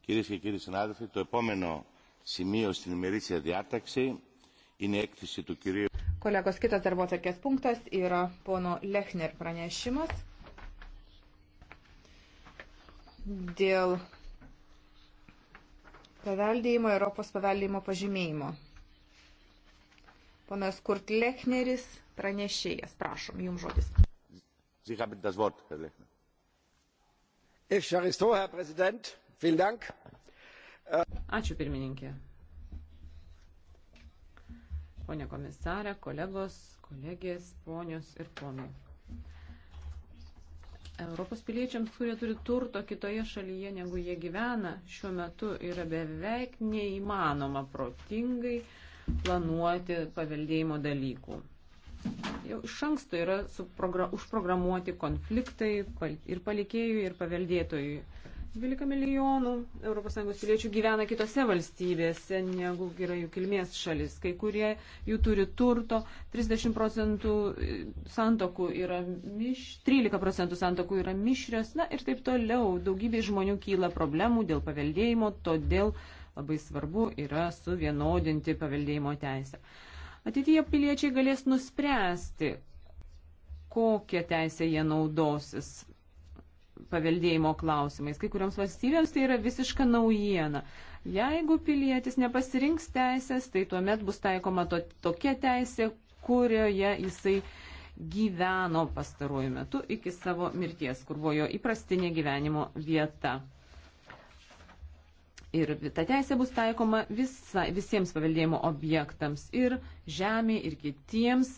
Κυρίε και κύριοι συνάδελφοι, το επόμενο σημείο στην ημερήσια διάταξη είναι έκθεση του κυρίου. Kolegos, kitas darbo atvarkės punktas yra pono Lechner pranešimas dėl paveldėjimo Europos paveldėjimo pažymėjimo. Ponas Kurt Lechneris, pranešėjas, prašom, jums žodis. Ačiū pirmininkė. Pone komisarė, kolegos, kolegės, ponios ir ponai. Europos piliečiams, kurie turi turto kitoje šalyje, negu jie gyvena, šiuo metu yra beveik neįmanoma protingai uh, planuoti paveldėjimo dalykų. Jau iš anksto yra užprogramuoti konfliktai ir palikėjų, ir paveldėtojų. 12 milijonų ES piliečių gyvena kitose valstybėse, negu yra jų kilmės šalis. Kai kurie jų turi turto, 30 procentų e, santokų yra miš, 13 procentų santokų yra mišrios, na ir taip toliau. Daugybė žmonių kyla problemų dėl paveldėjimo, todėl uh, Labai svarbu yra suvienodinti paveldėjimo teisę. Ateityje piliečiai galės nuspręsti, kokią teisę jie naudosis paveldėjimo klausimais. Kai kurioms valstybėms tai yra visiška naujiena. Jeigu pilietis nepasirinks teisės, tai tuomet bus taikoma to, tokia teisė, kurioje jisai gyveno pastaruoju metu iki savo mirties, kur buvo jo įprastinė gyvenimo vieta. Ir ta teisė bus taikoma visa, visiems paveldėjimo objektams ir žemė, ir kitiems,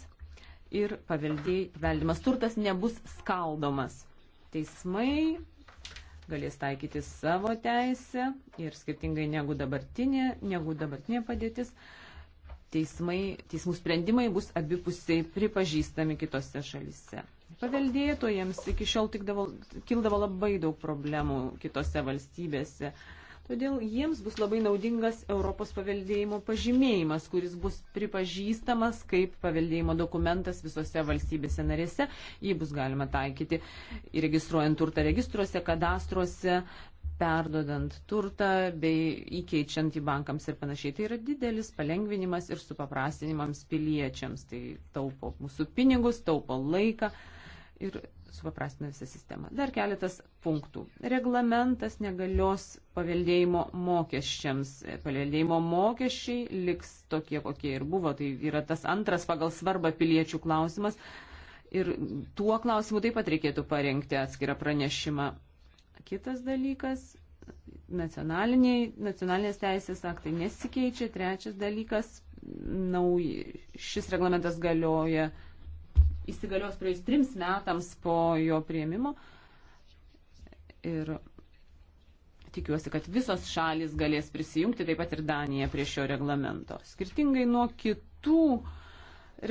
ir paveldimas turtas nebus skaldomas. Teismai galės taikyti savo teisę ir skirtingai negu dabartinė, negu dabartinė padėtis, teismai, teismų sprendimai bus abipusiai pripažįstami kitose šalise. Paveldėtojams iki šiol davo, kildavo labai daug problemų kitose valstybėse. Uh, Todėl jiems bus labai naudingas Europos paveldėjimo pažymėjimas, kuris bus pripažįstamas kaip paveldėjimo dokumentas visose valstybėse narėse. Jį bus galima taikyti įregistruojant turtą registruose, kadastruose, perdodant turtą bei įkeičiant į bankams ir panašiai. Tai yra didelis palengvinimas ir supaprastinimams piliečiams. Tai taupo mūsų pinigus, taupo laiką. Ir supaprastina visą sistemą. Dar keletas punktų. Reglamentas negalios paveldėjimo mokesčiams. Paveldėjimo mokesčiai liks tokie, kokie ir buvo. Tai yra tas antras pagal svarbą piliečių klausimas. Ir tuo klausimu taip pat reikėtų parengti atskirą pranešimą. Kitas dalykas nacionalinės teisės aktai nesikeičia. Trečias dalykas, nauj, šis reglamentas galioja įsigalios praėjus trims metams po jo prieimimo. Ir tikiuosi, kad visos šalis galės prisijungti, taip pat ir Danija prie šio reglamento. Skirtingai nuo kitų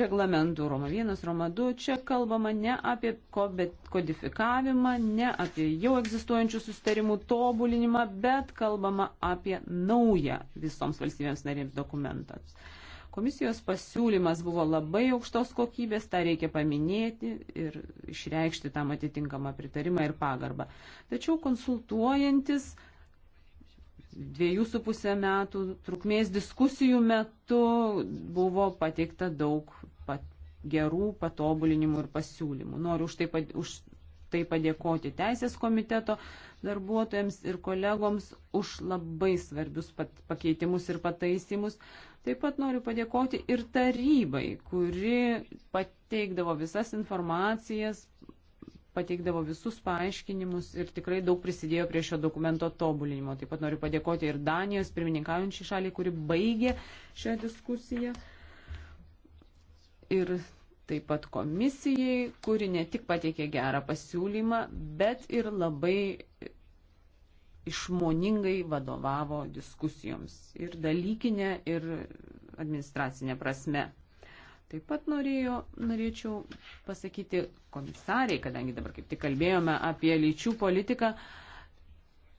reglamentų Roma 1, Roma 2, čia kalbama ne apie kodifikavimą, ne apie jau egzistuojančių sustarimų tobulinimą, bet kalbama apie naują visoms valstybėms narėms dokumentams. Komisijos pasiūlymas buvo labai aukštos kokybės, tą reikia paminėti ir išreikšti tam atitinkamą pritarimą ir pagarbą. Tačiau konsultuojantis dviejų su pusę metų trukmės diskusijų metu buvo pateikta daug pat gerų patobulinimų ir pasiūlymų. Noriu už tai, už tai padėkoti Teisės komiteto darbuotojams ir kolegoms už labai svarbius pakeitimus ir pataisimus. Taip pat noriu padėkoti ir tarybai, kuri pateikdavo visas informacijas, pateikdavo visus paaiškinimus ir tikrai daug prisidėjo prie šio dokumento tobulinimo. Taip pat noriu padėkoti ir Danijos pirmininkaujančiai šaliai, kuri baigė šią diskusiją. Ir taip pat komisijai, kuri ne tik pateikė gerą pasiūlymą, bet ir labai išmoningai vadovavo diskusijoms ir dalykinė, ir administracinė prasme. Taip pat norėjo, norėčiau pasakyti komisariai, kadangi dabar kaip tik kalbėjome apie lyčių politiką,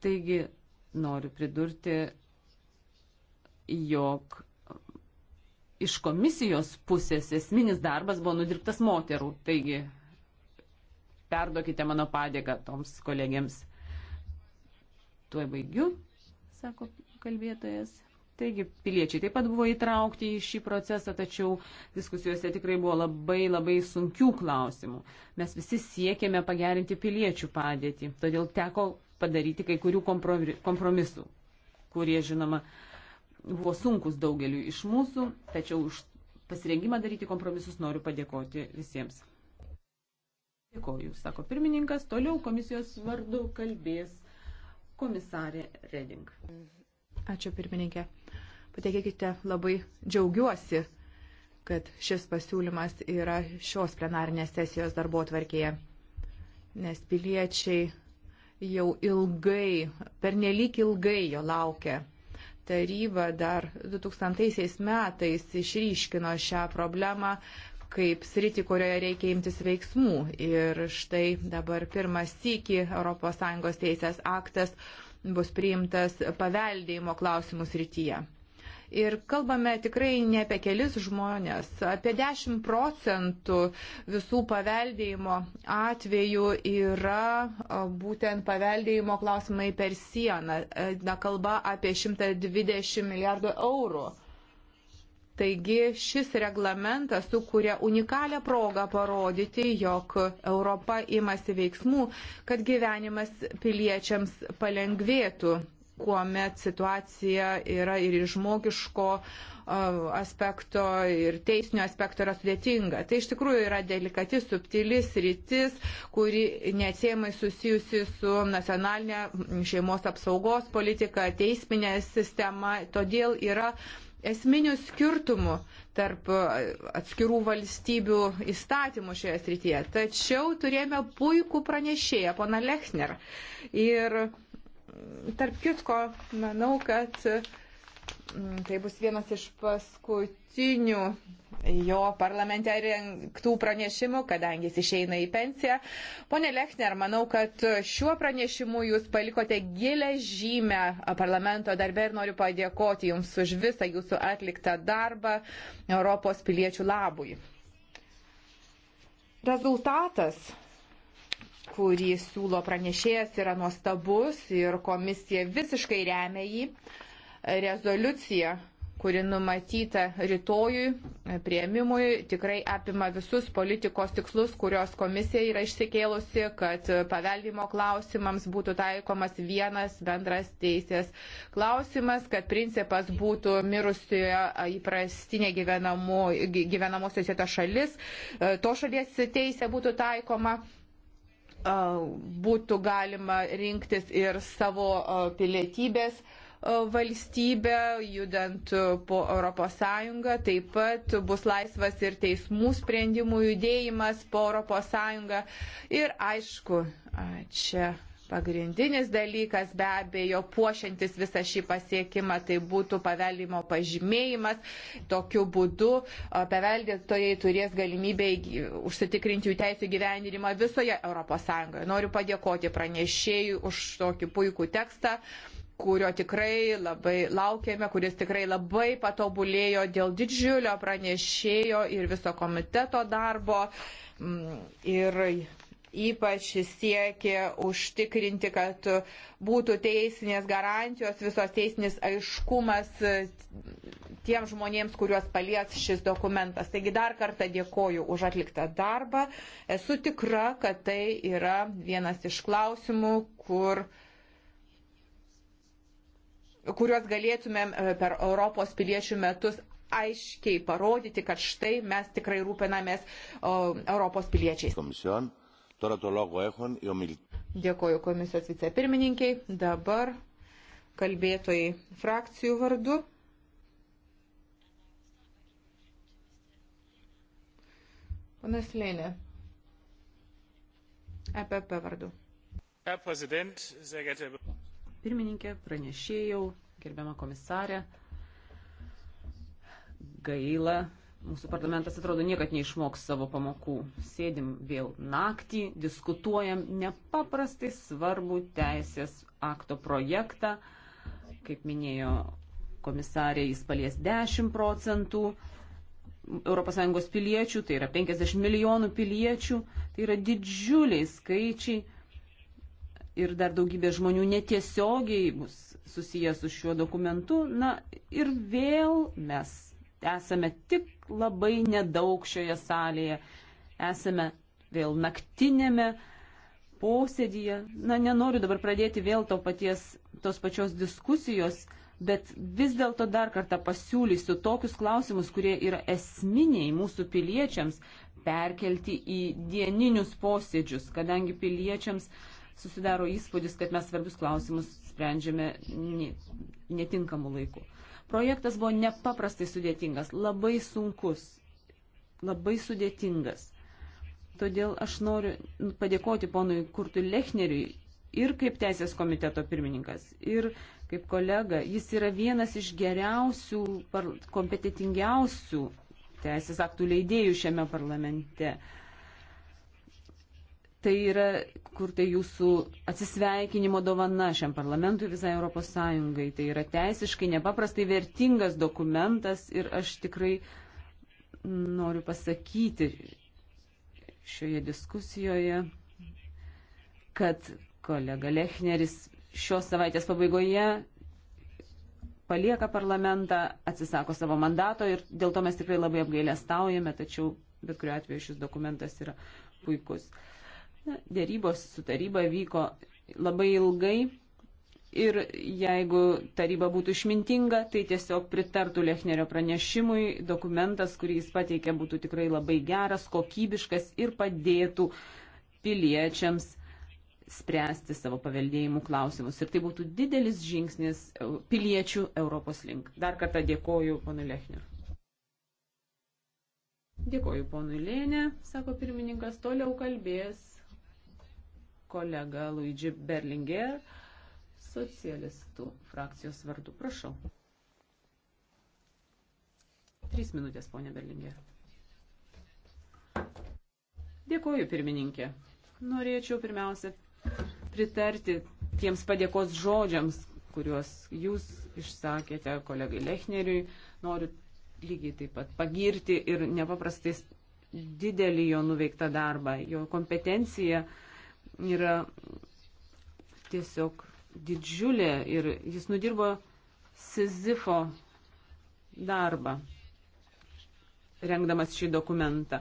taigi noriu pridurti, jog iš komisijos pusės esminis darbas buvo nudirbtas moterų, taigi perduokite mano padėką toms kolegėms. Tuo baigiu, sako kalbėtojas. Taigi, piliečiai taip pat buvo įtraukti į šį procesą, tačiau diskusijose tikrai buvo labai labai sunkių klausimų. Mes visi siekėme pagerinti piliečių padėtį, todėl teko padaryti kai kurių kompromisų, kurie, žinoma, buvo sunkus daugeliu iš mūsų, tačiau už pasirengimą daryti kompromisus noriu padėkoti visiems. Dėkoju, sako pirmininkas, toliau komisijos vardu kalbės komisarė Reding. Ačiū pirmininkė. Patikėkite, labai džiaugiuosi, kad šis pasiūlymas yra šios plenarinės sesijos darbo tvarkėje, nes piliečiai jau ilgai, pernelyg ilgai jo laukia. Taryba dar 2000 metais išryškino šią problemą, kaip sritį, kurioje reikia imtis veiksmų. Ir štai dabar pirmas sykį ES teisės aktas bus priimtas paveldėjimo klausimų srityje. Ir kalbame tikrai ne apie kelis žmonės, apie 10 procentų visų paveldėjimo atvejų yra būtent paveldėjimo klausimai per sieną. E, na, kalba apie 120 milijardų eurų. Taigi šis reglamentas sukuria unikalią progą parodyti, jog Europa imasi veiksmų, kad gyvenimas piliečiams palengvėtų kuomet situacija yra ir iš žmogiško aspekto, ir teisinio aspekto yra sudėtinga. Tai iš tikrųjų yra delikati, subtilis rytis, kuri neatsiemai susijusi su nacionalinė šeimos apsaugos politika, teisminė sistema. Todėl yra esminių skirtumų tarp e, atskirų valstybių įstatymų šioje srityje. Tačiau turėjome puikų pranešėją, pana Lechner. Ir tarp kitko, manau, kad Mm, tai bus vienas iš paskutinių jo parlamente rengtų pranešimų, kadangi jis išeina į pensiją. Pone Lechner, manau, kad šiuo pranešimu jūs palikote gilę žymę parlamento darbę ir noriu padėkoti jums už visą jūsų atliktą darbą Europos piliečių labui. Rezultatas kurį siūlo pranešėjas, yra nuostabus ir komisija visiškai remia jį rezoliucija, kuri numatyta rytojui, prieimimui, tikrai apima visus politikos tikslus, kurios komisija yra išsikėlusi, kad paveldimo klausimams būtų taikomas vienas bendras teisės klausimas, kad principas būtų mirusioje įprastinė gyvenamo, gyvenamosios vietos šalis, e, to šalies teisė būtų taikoma e, būtų galima rinktis ir savo e, pilietybės valstybę, judant po ES, taip pat bus laisvas ir teismų sprendimų judėjimas po ES. Ir aišku, čia Pagrindinis dalykas be abejo, puošiantis visą šį pasiekimą, tai būtų paveldimo pažymėjimas. Tokiu būdu paveldėtojai turės galimybę užsitikrinti jų teisų gyvenimą visoje ES. Noriu padėkoti pranešėjui už tokį puikų tekstą kurio tikrai labai laukėme, kuris tikrai labai patobulėjo dėl didžiulio pranešėjo ir viso komiteto darbo. Mm, ir ypač siekė užtikrinti, kad būtų teisinės garantijos, visos teisinės aiškumas tiem žmonėms, kuriuos palies šis dokumentas. Taigi dar kartą dėkoju už atliktą darbą. Esu tikra, kad tai yra vienas iš klausimų, kur uh, kuriuos galėtumėm e, per Europos piliečių metus aiškiai parodyti, kad štai mes tikrai rūpinamės Europos piliečiais. Komisijon. Dėkoju komisijos vicepirmininkiai. Dabar kalbėtojai frakcijų vardu. Panas Lėnė, EPP vardu. Herr Präsident, sehr geehrte pirmininkė, pranešėjau, gerbiama komisarė. Gaila, mūsų parlamentas atrodo niekad neišmoks savo pamokų. Sėdim vėl naktį, diskutuojam nepaprastai svarbų teisės akto projektą. Kaip minėjo komisarė, jis palies 10 procentų. ES piliečių, tai yra 50 milijonų piliečių, tai yra didžiuliai skaičiai ir dar daugybė žmonių netiesiogiai bus susijęs su šiuo dokumentu. Na ir vėl mes esame tik labai nedaug šioje salėje. Esame vėl naktinėme posėdyje. Na, nenoriu dabar pradėti vėl to paties, tos pačios diskusijos, bet vis dėlto dar kartą pasiūlysiu tokius klausimus, kurie yra esminiai mūsų piliečiams perkelti į dieninius posėdžius, kadangi piliečiams uh, susidaro įspūdis, kad mes svarbius klausimus sprendžiame netinkamu laiku. Projektas buvo nepaprastai sudėtingas, labai sunkus, labai sudėtingas. Todėl aš noriu padėkoti ponui Kurtui Lechneriui ir kaip Teisės komiteto pirmininkas, ir kaip kolega. Jis yra vienas iš geriausių, kompetitingiausių teisės aktų leidėjų šiame parlamente. Uh, Tai yra, kur tai jūsų atsisveikinimo dovana šiam parlamentui visai Europos Sąjungai. Tai yra teisiškai nepaprastai vertingas dokumentas ir aš tikrai noriu pasakyti šioje diskusijoje, kad kolega Lechneris šios savaitės pabaigoje palieka parlamentą, atsisako savo mandato ir dėl to mes tikrai labai apgailę staujame, tačiau bet kuriuo atveju šis dokumentas yra puikus. Na, dėrybos su taryba vyko labai ilgai ir jeigu taryba būtų išmintinga, tai tiesiog pritartų Lechnerio pranešimui, dokumentas, kurį jis pateikė, būtų tikrai labai geras, kokybiškas ir padėtų piliečiams spręsti savo paveldėjimų klausimus. Ir tai būtų didelis žingsnis piliečių Europos link. Dar kartą dėkoju ponui Lechneriu. Dėkoju ponui Lėnė, sako pirmininkas, toliau kalbės kolega Luigi Berlinger, socialistų frakcijos vardu. Prašau. Trys minutės, ponė Berlinger. Dėkoju, pirmininkė. Norėčiau pirmiausia pritarti tiems padėkos žodžiams, kuriuos jūs išsakėte kolegai Lechneriui. Noriu lygiai taip pat pagirti ir nepaprastai didelį jo nuveiktą darbą, jo kompetenciją. Uh, yra tiesiog didžiulė ir jis nudirbo Sizifo darbą, rengdamas šį dokumentą.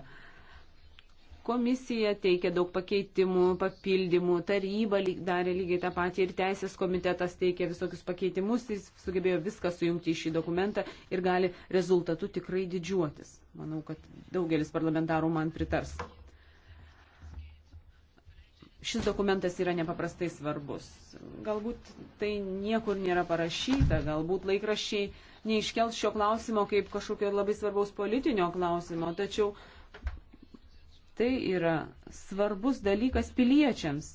Komisija teikia daug pakeitimų, papildymų, taryba darė lygiai tą patį ir teisės komitetas teikia visokius pakeitimus, jis sugebėjo viską sujungti į šį dokumentą ir gali rezultatų tikrai didžiuotis. Manau, kad daugelis parlamentarų man pritars šis dokumentas yra nepaprastai svarbus. Galbūt tai niekur nėra parašyta, galbūt laikrašiai neiškels šio klausimo kaip kažkokio labai svarbaus politinio klausimo, tačiau tai yra svarbus dalykas piliečiams,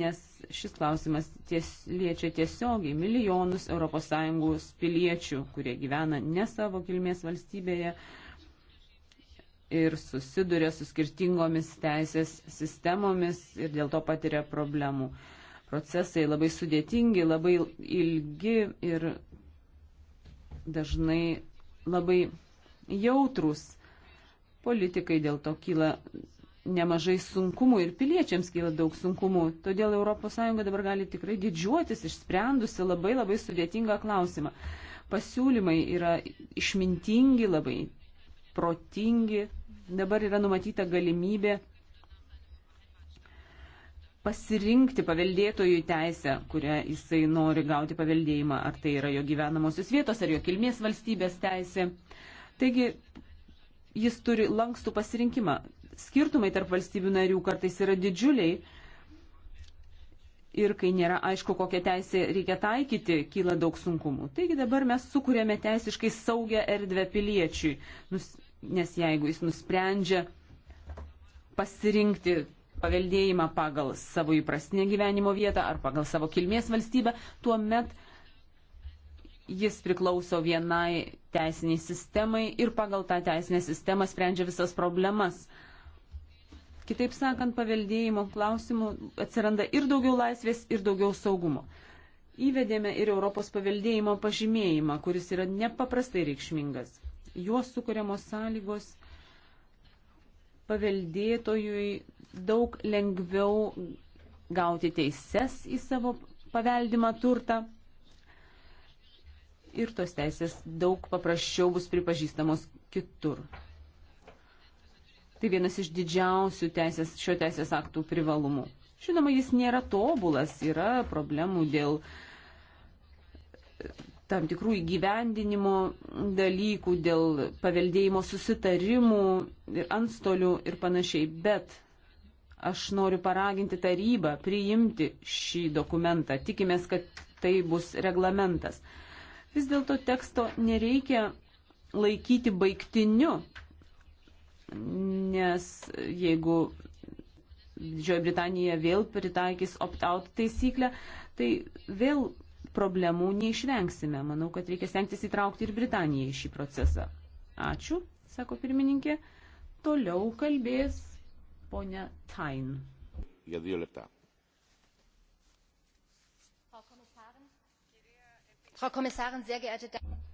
nes šis klausimas ties, liečia tiesiogiai milijonus ES piliečių, kurie gyvena ne savo kilmės valstybėje, uh, ir susiduria su skirtingomis teisės sistemomis ir dėl to patiria problemų. Procesai labai sudėtingi, labai ilgi ir dažnai labai jautrus. Politikai dėl to kyla nemažai sunkumų ir piliečiams kyla daug sunkumų. Todėl ES dabar gali tikrai didžiuotis išsprendusi labai labai sudėtingą klausimą. Pasiūlymai yra išmintingi, labai protingi, dabar yra numatyta galimybė pasirinkti paveldėtojų teisę, kurią jisai nori gauti paveldėjimą, ar tai yra jo gyvenamosios vietos, ar jo kilmės valstybės teisė. Taigi jis turi lankstų pasirinkimą. Skirtumai tarp valstybių narių kartais yra didžiuliai ir kai nėra aišku, kokią teisę reikia taikyti, kyla daug sunkumų. Taigi dabar mes sukūrėme teisiškai saugią erdvę piliečiui. Nus, nes jeigu jis nusprendžia pasirinkti paveldėjimą pagal savo įprastinę gyvenimo vietą ar pagal savo kilmės valstybę, tuomet jis priklauso vienai teisiniai sistemai ir pagal tą teisinę sistemą sprendžia visas problemas. Kitaip sakant, paveldėjimo klausimų atsiranda ir daugiau laisvės, ir daugiau saugumo. Įvedėme ir Europos paveldėjimo pažymėjimą, kuris yra nepaprastai reikšmingas juos sukūriamos sąlygos paveldėtojui daug lengviau gauti teises į savo paveldimą turtą. Ir tos teisės daug paprasčiau bus pripažįstamos kitur. Tai vienas iš didžiausių teisės, šio teisės aktų privalumų. Žinoma, jis nėra tobulas, yra problemų dėl tam tikrų įgyvendinimo dalykų, dėl paveldėjimo susitarimų ir antstolių ir panašiai. Bet aš noriu paraginti tarybą priimti šį dokumentą. Tikimės, kad tai bus reglamentas. Vis dėlto teksto nereikia laikyti baigtiniu, nes jeigu Didžioji Britanija vėl pritaikys opt-out taisyklę, tai vėl problemų neišvengsime. Manau, kad reikia stengtis įtraukti ir Britaniją į šį procesą. Ačiū, sako pirmininkė. Toliau kalbės ponia Tain.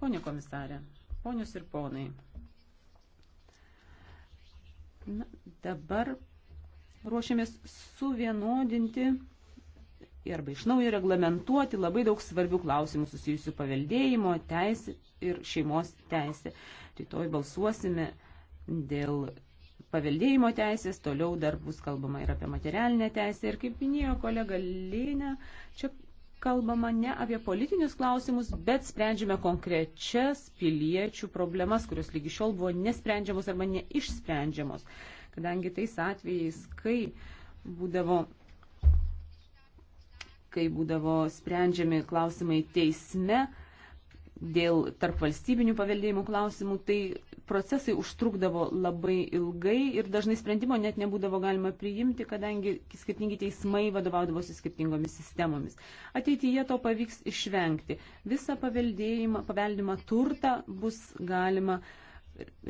Pone komisarė, ponios ir ponai. Na, dabar ruošiamės suvienodinti arba iš naujo reglamentuoti labai daug svarbių klausimų susijusių paveldėjimo, teisė ir šeimos teisė. Rytoj balsuosime dėl paveldėjimo teisės, toliau dar bus kalbama ir apie materialinę teisę. Ir kaip minėjo kolega Linė, čia kalbama ne apie politinius klausimus, bet sprendžiame konkrečias piliečių problemas, kurios lygi šiol buvo nesprendžiamos arba neišsprendžiamos. Kadangi tais atvejais, kai būdavo kai būdavo sprendžiami klausimai teisme dėl tarp valstybinių paveldėjimų klausimų, tai procesai užtrukdavo labai ilgai ir dažnai sprendimo net nebūdavo galima priimti, kadangi skirtingi teismai vadovaudavosi skirtingomis sistemomis. Ateityje to pavyks išvengti. Visą paveldimą turtą bus galima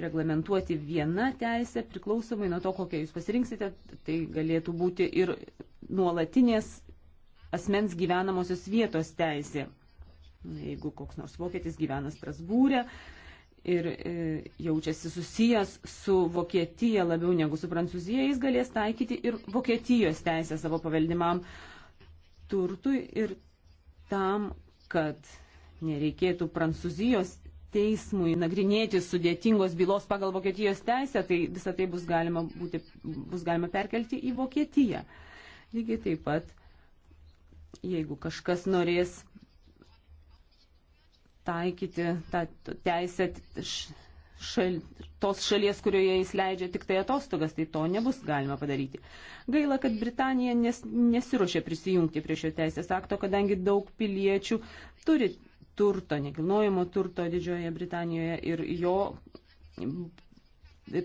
reglamentuoti viena teisė priklausomai nuo to, kokią jūs pasirinksite. Tai galėtų būti ir nuolatinės asmens gyvenamosios vietos teisė. Jeigu koks nors vokietis gyvena Strasbūrė ir e, jaučiasi susijęs su Vokietija labiau negu su Prancūzija, jis galės taikyti ir Vokietijos teisę savo paveldimam turtui ir tam, kad nereikėtų Prancūzijos teismui nagrinėti sudėtingos bylos pagal Vokietijos teisę, tai visą tai bus galima, būti, bus galima perkelti į Vokietiją. Lygiai taip pat jeigu kažkas norės taikyti tą teisę šal, tos šalies, kurioje jis leidžia tik tai atostogas, tai to nebus galima padaryti. Gaila, kad Britanija nes, nesiruošia prisijungti prie šio teisės akto, kadangi daug piliečių turi turto, nekilnojimo turto Didžiojoje Britanijoje ir jo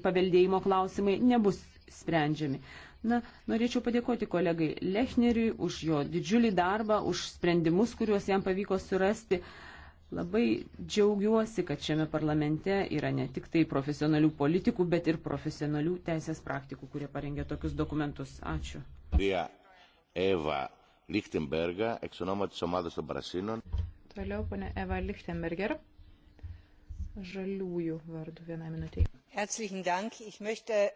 paveldėjimo klausimai nebus sprendžiami. Na, norėčiau padėkoti kolegai Lechneriui už jo didžiulį darbą, už sprendimus, kuriuos jam pavyko surasti. Labai džiaugiuosi, kad šiame parlamente yra ne tik tai profesionalių politikų, bet ir profesionalių teisės praktikų, kurie parengė tokius dokumentus. Ačiū. Eva Lichtenberger, εξ ονόματο τη ομάδα των Πρασίνων. Toliau, ponia Eva Lichtenberger, žaliųjų vardų vieną minutę. Äh,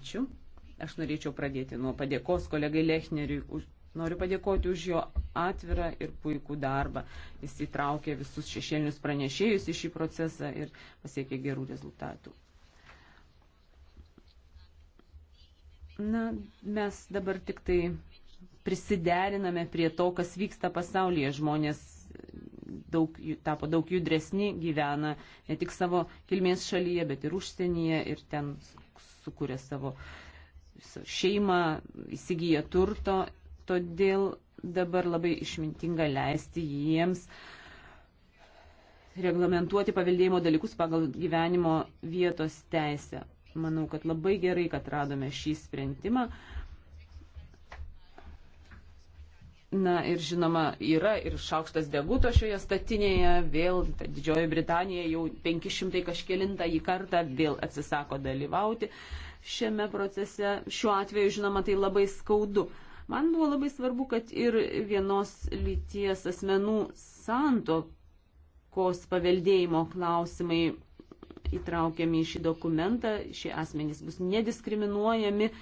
Ačiū. Aš norėčiau pradėti nuo padėkos kolegai Lechneriui. Noriu padėkoti už jo atvirą ir puikų darbą. Jis įtraukė visus šešėlinius pranešėjus į šį procesą ir pasiekė gerų rezultatų. Na, mes dabar tik tai prisideriname prie to, kas vyksta pasaulyje. Žmonės daug, tapo daug judresni, gyvena ne tik savo kilmės šalyje, bet ir užsienyje ir ten sukuria savo šeimą, įsigyja turto. Todėl dabar labai išmintinga leisti jiems reglamentuoti paveldėjimo dalykus pagal gyvenimo vietos teisę. Manau, kad labai gerai, kad radome šį sprendimą. Uh, Na ir žinoma, yra ir šaukštas deguto šioje statinėje, vėl Didžioji Britanija jau 500 kažkėlintą į kartą vėl atsisako dalyvauti šiame procese. Šiuo atveju, žinoma, tai labai skaudu. Man buvo labai svarbu, kad ir vienos lyties asmenų santokos paveldėjimo klausimai įtraukiami į šį dokumentą. Šie asmenys bus nediskriminuojami,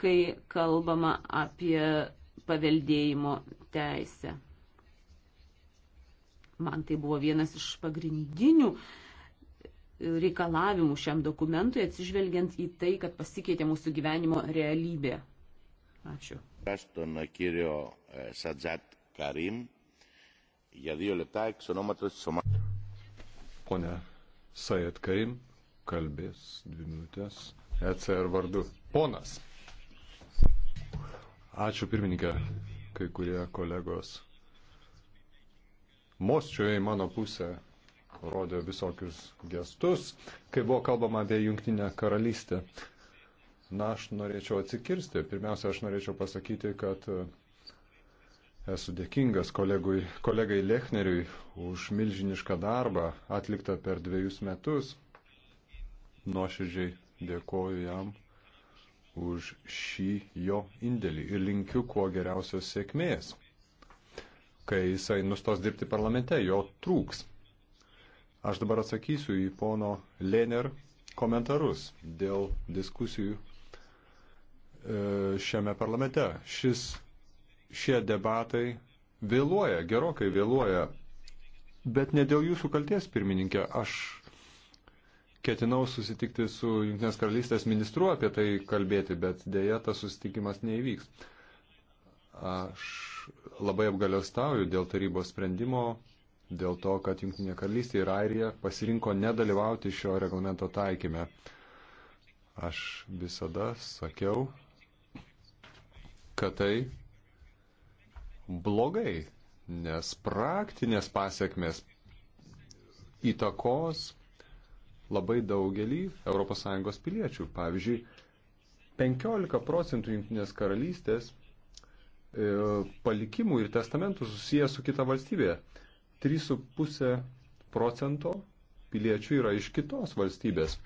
kai kalbama apie paveldėjimo teisę. Man tai buvo vienas iš pagrindinių reikalavimų šiam dokumentui, atsižvelgiant į tai, kad pasikeitė mūsų gyvenimo realybė. Ačiū. Στον κύριο Σατζάτ Καρίμ για δύο λεπτά εξ ονόματος της ομάδας. Πόνε Σαϊτ Καρίμ, καλμπές, δύο μινούτες, ECR vardu. Ponas. Ačiū pirmininkė kai kurie kolegos mosčioje į mano pusę rodė visokius gestus, kai buvo kalbama apie jungtinę karalystę. Na, aš norėčiau atsikirsti. Pirmiausia, aš norėčiau pasakyti, kad e, esu dėkingas kolegui, kolegai Lechneriui už milžinišką darbą atliktą per dviejus metus. Nuoširdžiai dėkoju jam už šį jo indėlį ir linkiu kuo geriausios sėkmės. Kai jisai nustos dirbti parlamente, jo trūks. Aš dabar atsakysiu į pono Lener komentarus dėl diskusijų e, šiame parlamente. Šis, šie debatai vėluoja, gerokai vėluoja, bet ne dėl jūsų kalties, pirmininkė. Aš ketinau susitikti su Junktinės karalystės ministru apie tai kalbėti, bet dėja tas susitikimas neįvyks. Aš labai apgaliostauju dėl tarybos sprendimo, dėl to, kad Junktinė karalystė ir Airija pasirinko nedalyvauti šio reglamento taikyme. Aš visada sakiau, kad tai blogai, nes praktinės pasiekmes įtakos labai daugelį ES piliečių. Pavyzdžiui, 15 procentų Junktinės karalystės e, palikimų ir testamentų susiję su kita valstybė. 3,5 procento piliečių yra iš kitos valstybės.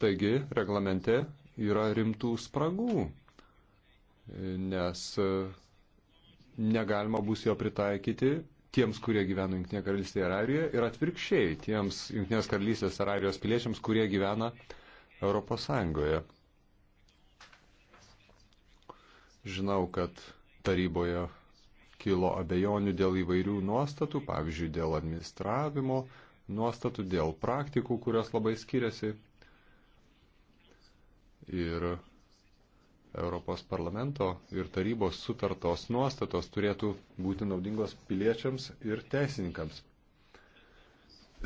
Taigi, reglamente yra rimtų spragų, e, nes e, negalima bus jo pritaikyti tiems, kurie gyvena Junktinėje karalystėje ir Airijoje, ir atvirkščiai tiems Junktinės karalystės ir Airijos piliečiams, kurie gyvena Europos Sąjungoje. Žinau, kad taryboje kilo abejonių dėl įvairių nuostatų, pavyzdžiui, dėl administravimo nuostatų, dėl praktikų, kurios labai skiriasi. Ir Europos parlamento ir tarybos sutartos nuostatos turėtų būti naudingos piliečiams ir teisininkams.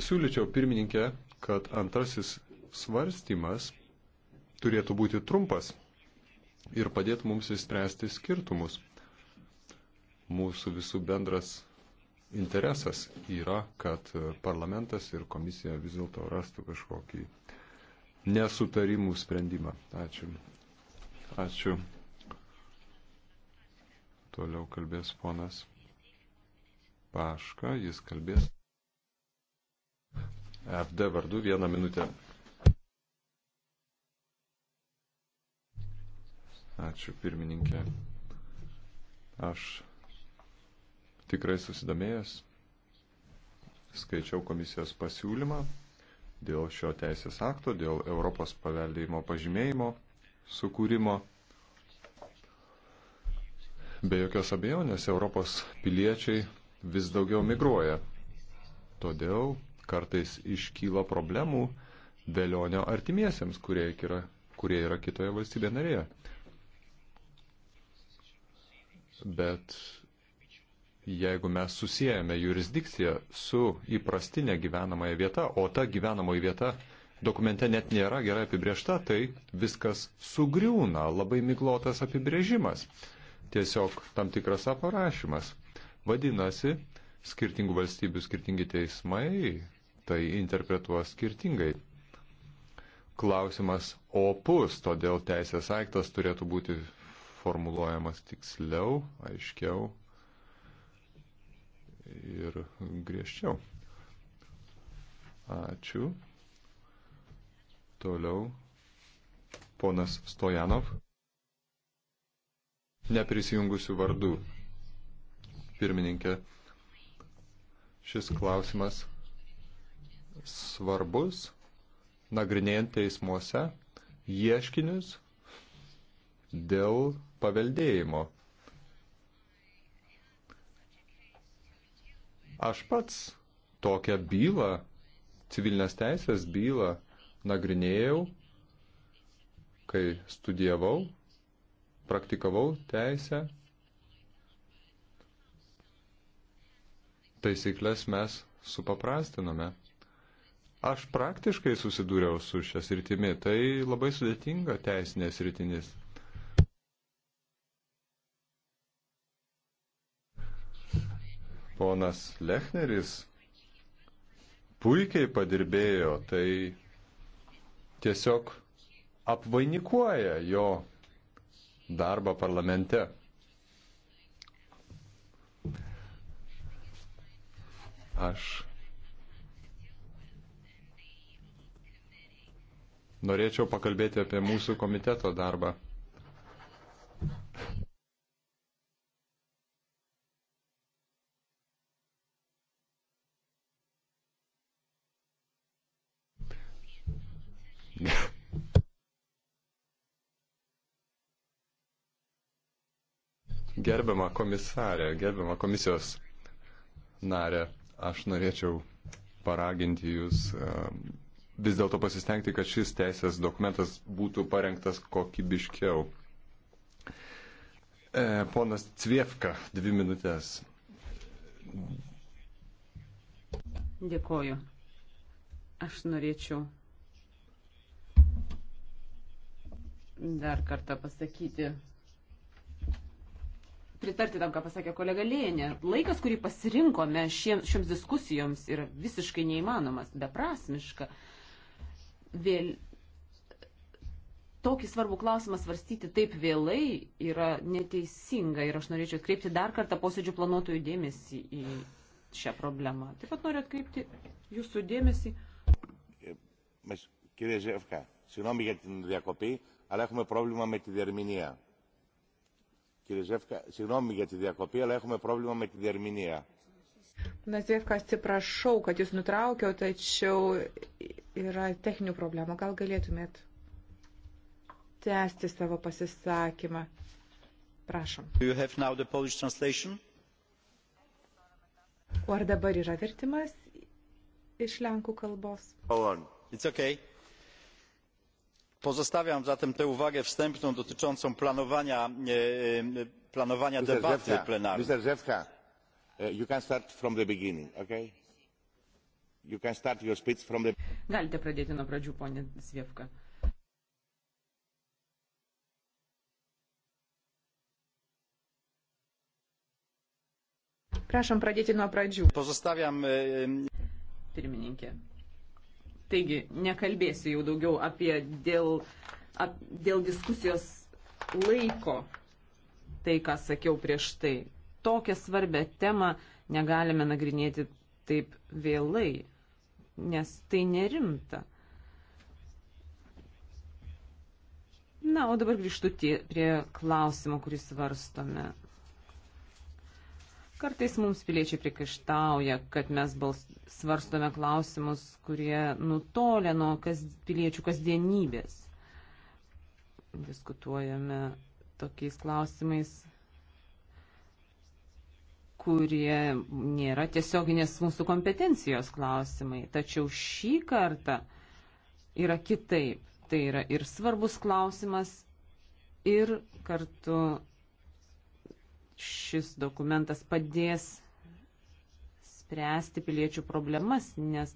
Siūlyčiau pirmininkė, kad antrasis svarstymas turėtų būti trumpas ir padėtų mums įspręsti skirtumus. Mūsų visų bendras interesas yra, kad parlamentas ir komisija vis dėlto rastų kažkokį nesutarimų sprendimą. Ačiū. Ačiū. Toliau kalbės ponas Paška, jis kalbės. FD vardu vieną minutę. Ačiū pirmininkė. Aš tikrai susidomėjęs skaičiau komisijos pasiūlymą dėl šio teisės akto, dėl Europos paveldėjimo pažymėjimo sukūrimo. Be jokios abejonės Europos piliečiai vis daugiau migruoja. Todėl kartais iškyla problemų vėlionio artimiesiems, kurie yra, kurie yra kitoje valstybėje narėje. Bet jeigu mes susijęjame jurisdikciją su įprastinė gyvenamąją vietą, o ta gyvenamoji vieta dokumente net nėra gerai apibriešta, tai viskas sugriūna, labai miglotas apibrėžimas, tiesiog tam tikras aprašymas. Vadinasi, skirtingų valstybių skirtingi teismai tai interpretuos skirtingai. Klausimas opus, todėl teisės aktas turėtų būti formuluojamas tiksliau, aiškiau ir griežčiau. Ačiū. Toliau ponas Stojanov. Neprisijungusių vardų. Pirmininkė, šis klausimas svarbus, nagrinėjant teismuose ieškinius dėl paveldėjimo. Aš pats tokią bylą, civilinės teisės bylą nagrinėjau, kai studijavau, praktikavau teisę. Taisyklės mes supaprastinome. Aš praktiškai susidūriau su šią sritimį. Tai labai sudėtinga teisinė sritinis. Ponas Lechneris puikiai padirbėjo, tai tiesiog apvainikuoja jo darbą parlamente. Aš norėčiau pakalbėti apie mūsų komiteto darbą. Gerbiama komisarė, gerbiama komisijos narė, aš norėčiau paraginti jūs e, vis dėlto pasistengti, kad šis teisės dokumentas būtų parengtas kokybiškiau. E, ponas Cviefka, dvi minutės. Dėkoju. Aš norėčiau dar kartą pasakyti, pritarti tam, ką pasakė kolega Lėnė. Laikas, kurį pasirinkome šiems, šioms diskusijoms, yra visiškai neįmanomas, beprasmiška. Vėl tokį svarbų klausimą svarstyti taip vėlai yra neteisinga ir aš norėčiau atkreipti dar kartą posėdžių planuotojų dėmesį į šią problemą. Taip pat noriu atkreipti jūsų dėmesį. Mes, kirė Ževka, sinomija, kad dėkopiai αλλά έχουμε πρόβλημα με τη διερμηνία. Κύριε Ζεύκα, συγγνώμη για τη διακοπή, αλλά έχουμε πρόβλημα με τη διερμηνία. Nazievka, atsiprašau, kad jūs nutraukiau, tačiau yra techninių problemų. Gal galėtumėt tęsti savo pasisakymą? Prašom. O ar dabar yra vertimas iš lenkų kalbos? Okay pozostawiam zatem tę uwagę wstępną dotyczącą planowania e, e, debaty plenarnej e, galite pradėti nuo pradžių pone zwiefka prašom pradėti nuo pradžių pozostawiam pirmininke Taigi, nekalbėsiu jau daugiau apie dėl, ap, dėl diskusijos laiko tai, ką sakiau prieš tai. Tokią svarbę temą negalime nagrinėti taip vėlai, nes tai nerimta. Na, o dabar grįžtu tie, prie klausimo, kurį svarstome. Kartais mums piliečiai prikaištauja, kad mes bals, svarstome klausimus, kurie nutolė nuo kas, piliečių kasdienybės. Diskutuojame tokiais klausimais, kurie nėra tiesioginės mūsų kompetencijos klausimai. Tačiau šį kartą yra kitaip. Tai yra ir svarbus klausimas, ir kartu šis dokumentas padės spręsti piliečių problemas, nes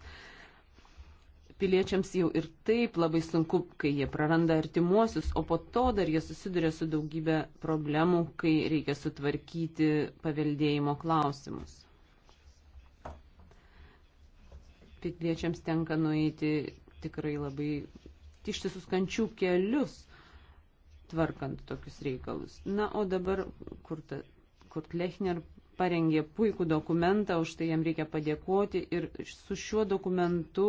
piliečiams jau ir taip labai sunku, kai jie praranda artimuosius, o po to dar jie susiduria su daugybė problemų, kai reikia sutvarkyti paveldėjimo klausimus. Piliečiams tenka nueiti tikrai labai ištisus kančių kelius tvarkant tokius reikalus. Na, o dabar kur ta, Kurt Lechner parengė puikų dokumentą, už tai jam reikia padėkoti ir su šiuo dokumentu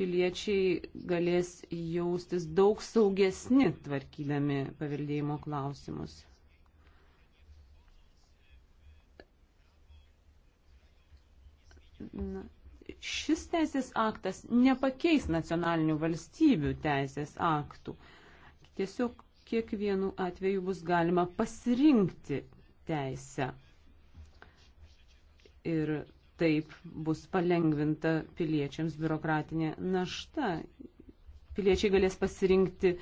piliečiai galės jaustis daug saugesni tvarkydami paveldėjimo klausimus. Na, šis teisės aktas nepakeis nacionalinių valstybių teisės aktų. Tiesiog kiekvienu atveju bus galima pasirinkti teisę. Ir taip bus palengvinta piliečiams biurokratinė našta. Piliečiai galės pasirinkti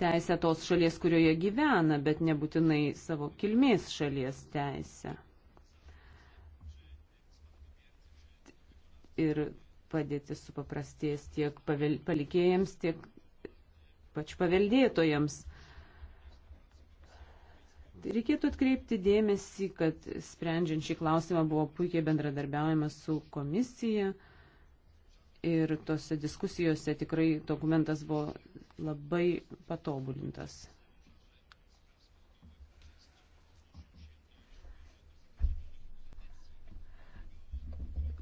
teisę tos šalies, kurioje gyvena, bet nebūtinai savo kilmės šalies teisę. Ir padėtis supaprastės tiek pavel, palikėjams, tiek pač paveldėtojams. Reikėtų atkreipti dėmesį, kad sprendžiant šį klausimą buvo puikiai bendradarbiaujama su komisija ir tose diskusijose tikrai dokumentas buvo labai patobulintas.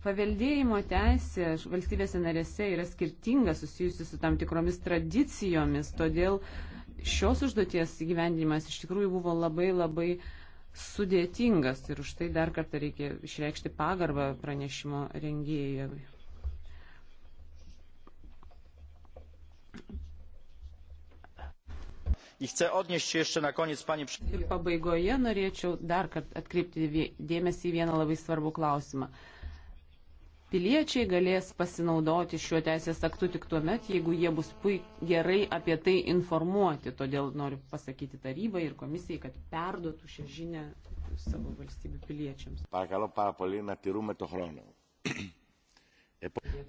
Paveldėjimo teisė valstybėse narėse yra skirtinga susijusi su tam tikromis tradicijomis, todėl uh, šios užduoties gyvendinimas iš tikrųjų buvo labai labai sudėtingas ir už tai dar kartą reikia išreikšti pagarbą pranešimo rengėjai. I chcę odnieść się jeszcze na koniec, panie przewodniczący. Pabaigoje norėčiau dar kartą atkreipti dėmesį į vieną labai svarbų klausimą. Piliečiai galės pasinaudoti šiuo teisės aktu tik tuo met, jeigu jie bus puik, gerai apie tai informuoti. Todėl noriu pasakyti tarybai ir komisijai, kad perduotų šią žinę savo valstybių piliečiams. Pakalo parapoliną tyrume to chrono.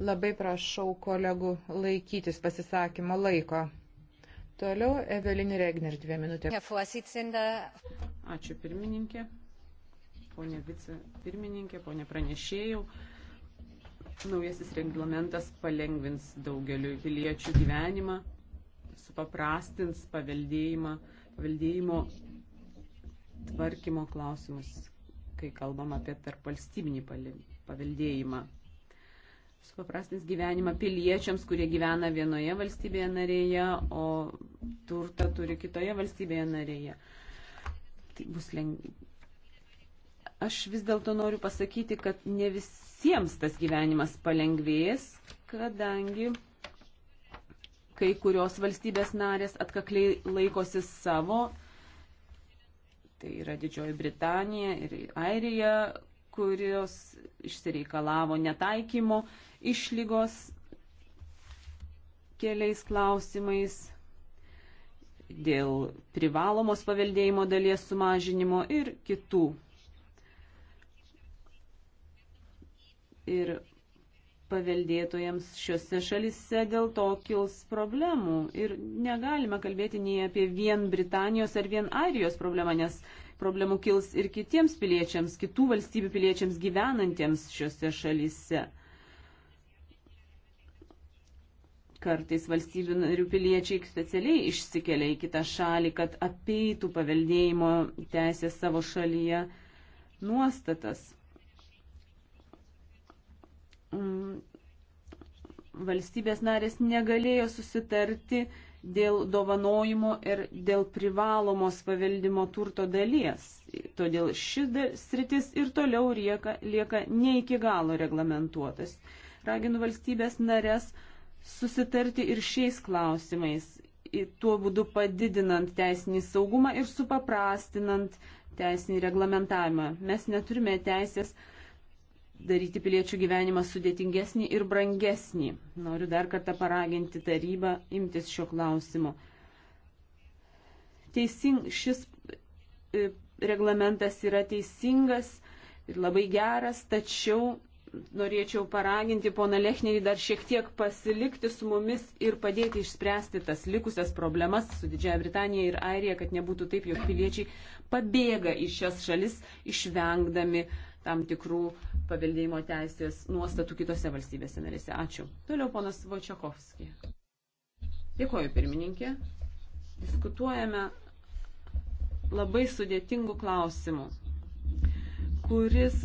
Labai prašau kolegų laikytis pasisakymo laiko. Toliau Evelin Regner dvi minutės. Ačiū pirmininkė, ponė vicepirmininkė, ponė pranešėjau. Naujasis reglamentas palengvins daugeliu piliečių gyvenimą, supaprastins paveldėjimą, paveldėjimo tvarkymo klausimus, kai kalbam apie tarp valstybinį paveldėjimą. Supaprastins gyvenimą piliečiams, kurie gyvena vienoje valstybėje narėje, o turtą turi kitoje valstybėje narėje. Tai bus lengviau aš vis dėlto noriu pasakyti, kad ne visiems tas gyvenimas palengvės, kadangi kai kurios valstybės narės atkakliai laikosi savo, tai yra Didžioji Britanija ir Airija, kurios išsireikalavo netaikymo išlygos keliais klausimais dėl privalomos paveldėjimo dalies sumažinimo ir kitų ir paveldėtojams šiuose šalise dėl to kils problemų. Ir negalime kalbėti nei apie vien Britanijos ar vien Airijos problemą, nes problemų kils ir kitiems piliečiams, kitų valstybių piliečiams gyvenantiems šiuose šalise. Kartais valstybių narių piliečiai specialiai išsikelia į kitą šalį, kad apeitų paveldėjimo teisės savo šalyje nuostatas. Mm, valstybės narės negalėjo susitarti dėl dovanojimo ir dėl privalomos paveldimo turto dalies. Todėl ši sritis ir toliau lieka, lieka ne iki galo reglamentuotas. Raginu valstybės narės susitarti ir šiais klausimais, tuo būdu padidinant teisinį saugumą ir supaprastinant teisinį reglamentavimą. Mes neturime teisės uh, daryti piliečių gyvenimą sudėtingesnį ir brangesnį. Noriu dar kartą paraginti tarybą imtis šio klausimo. Teising, šis e, reglamentas yra teisingas ir labai geras, tačiau norėčiau paraginti poną Lechnerį dar šiek tiek pasilikti su mumis ir padėti išspręsti tas likusias problemas su Didžiaja Britanija ir Airija, kad nebūtų taip, jog piliečiai pabėga iš šias šalis išvengdami uh, tam tikrų paveldėjimo teisės nuostatų kitose valstybėse narėse. Ačiū. Toliau ponas Vočiakovski. Dėkoju, pirmininkė. Diskutuojame labai sudėtingų klausimų, kuris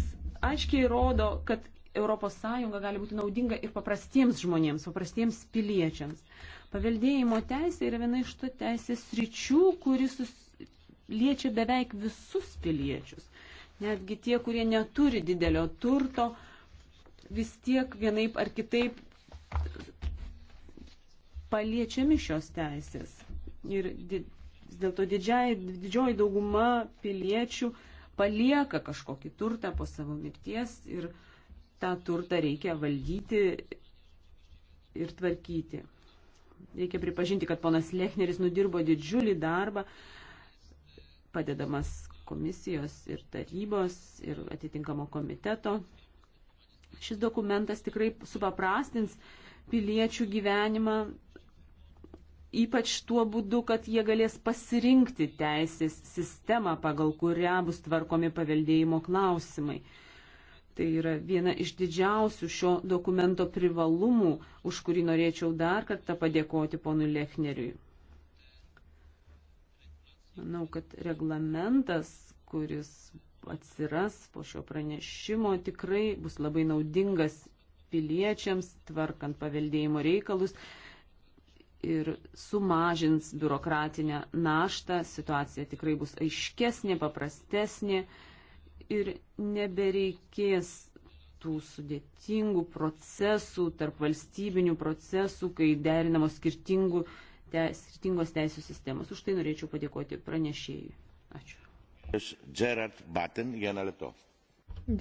aiškiai rodo, kad ES gali būti naudinga ir paprastiems žmonėms, paprastiems piliečiams. Paveldėjimo teisė yra viena iš to teisės ryčių, kuris liečia beveik visus piliečius netgi tie, kurie neturi didelio turto, vis tiek vienaip ar kitaip paliečiami šios teisės. Ir vis dėlto didžioji dauguma piliečių palieka kažkokį turtą po savo mirties ir tą turtą reikia valdyti ir tvarkyti. Reikia pripažinti, kad ponas Lechneris nudirbo didžiulį darbą, padedamas komisijos ir tarybos ir atitinkamo komiteto. Šis dokumentas tikrai supaprastins piliečių gyvenimą, ypač tuo būdu, kad jie galės pasirinkti teisės sistemą, pagal kurią bus tvarkomi paveldėjimo klausimai. Tai yra viena iš didžiausių šio dokumento privalumų, už kurį norėčiau dar kartą padėkoti ponui Lechneriui. Manau, kad reglamentas, kuris atsiras po šio pranešimo, tikrai bus labai naudingas piliečiams, tvarkant paveldėjimo reikalus ir sumažins biurokratinę naštą. Situacija tikrai bus aiškesnė, paprastesnė ir nebereikės tų sudėtingų procesų, tarp valstybinių procesų, kai derinamos skirtingų te, skirtingos teisų sistemos. Už tai norėčiau padėkoti pranešėjui. Ačiū. Gerard Batten, vieną lėto.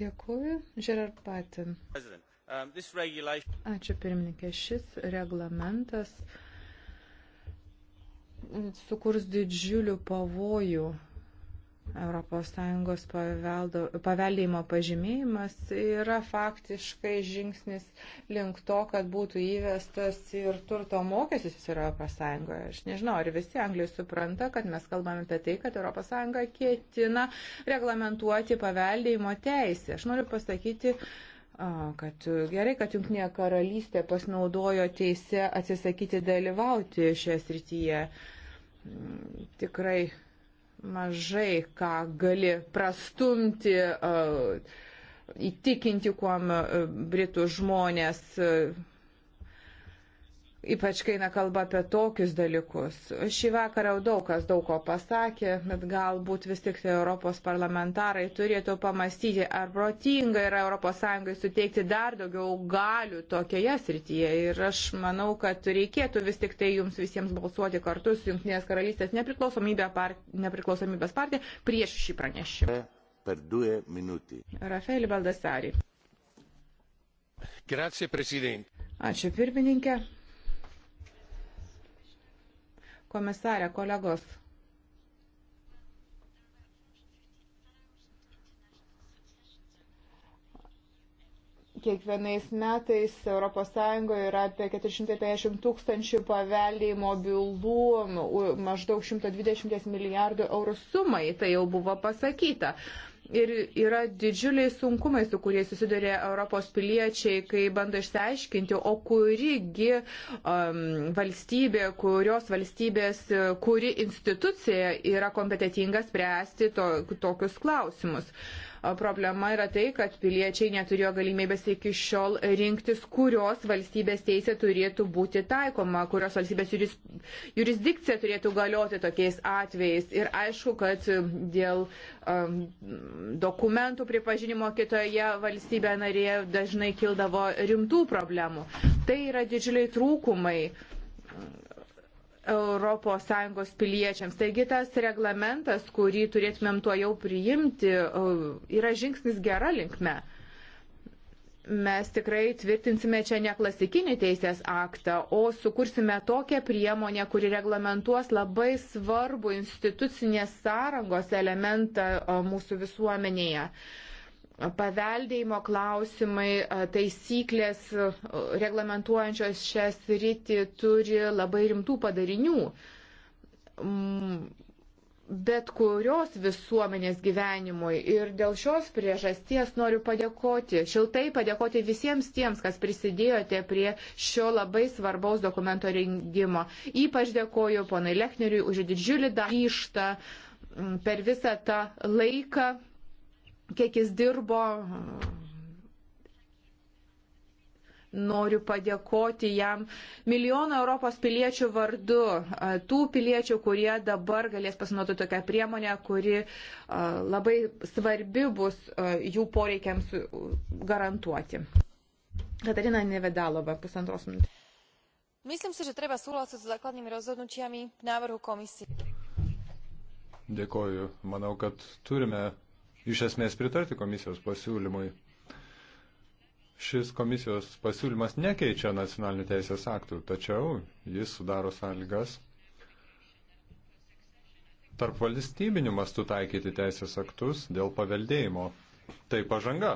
Dėkuoju, Gerard Batten. Um, Ačiū pirmininkė. Šis reglamentas sukurs didžiulių pavojų ES paveldėjimo pažymėjimas yra faktiškai žingsnis link to, kad būtų įvestas ir turto mokestis visoje ES. Aš nežinau, ar visi Anglijai supranta, kad mes kalbame apie tai, kad ES ketina reglamentuoti paveldėjimo teisę. Aš noriu pasakyti, kad gerai, kad Junktinė karalystė pasinaudojo teisę atsisakyti dalyvauti šioje srityje. Mm, tikrai mažai ką gali prastumti, e, įtikinti kuom e, Britų žmonės e, Ypač, kai eina kalba apie tokius dalykus. Šį vakarą jau daug kas daug ko pasakė, bet galbūt vis tik tai Europos parlamentarai turėtų pamastyti, ar protinga yra ES suteikti dar daugiau galių tokioje srityje. Ir aš manau, kad reikėtų vis tik tai jums visiems balsuoti kartu su Junktinės karalystės nepriklausomybė part... nepriklausomybės partija prieš šį pranešimą. Rafael Baldasari. Grazie, Presidente. Ačiū pirmininkė. Komisarė, kolegos. Kiekvienais metais ES yra apie 450 tūkstančių paveldėjimo bylų, maždaug 120 milijardų eurų sumai, tai jau buvo pasakyta. Ir yra didžiuliai sunkumai, su kuriais susiduria Europos piliečiai, kai bando išsiaiškinti, o kurigi um, valstybė, kurios valstybės, kuri institucija yra kompetitinga spręsti to, tokius klausimus. Problema yra tai, kad piliečiai neturėjo galimybės iki šiol rinktis, kurios valstybės teisė turėtų būti taikoma, kurios valstybės juris, jurisdikcija turėtų galioti tokiais atvejais. Ir aišku, kad dėl um, dokumentų pripažinimo kitoje valstybėje narėje dažnai kildavo rimtų problemų. Tai yra didžiuliai trūkumai ES piliečiams. Taigi tas reglamentas, kurį turėtumėm tuo jau priimti, yra žingsnis gera linkme mes tikrai tvirtinsime čia ne klasikinį teisės aktą, o sukursime tokią priemonę, kuri reglamentuos labai svarbu institucinės sąrangos elementą mūsų visuomenėje. Paveldėjimo klausimai, taisyklės reglamentuojančios šią sritį turi labai rimtų padarinių mm, bet kurios visuomenės gyvenimui. Ir dėl šios priežasties noriu padėkoti, šiltai padėkoti visiems tiems, kas prisidėjote prie šio labai svarbaus dokumento rengimo. Ypač dėkoju ponai Lechneriui už didžiulį daryštą mm, per visą tą laiką, kiek jis dirbo Noriu padėkoti jam milijono Europos piliečių vardu, tų piliečių, kurie dabar galės pasinaudoti tokią priemonę, kuri labai svarbi bus jų poreikiams garantuoti. Katarina Nevedalova, pusantros minutės. Myslím si, že treba súhlasiť s základnými rozhodnutiami návrhu komisie. Dėkoju. Manau, kad turime iš esmės pritarti komisijos pasiūlymui šis komisijos pasiūlymas nekeičia nacionalinių teisės aktų, tačiau jis sudaro sąlygas tarp valstybinių mastų taikyti teisės aktus dėl paveldėjimo. Tai pažanga.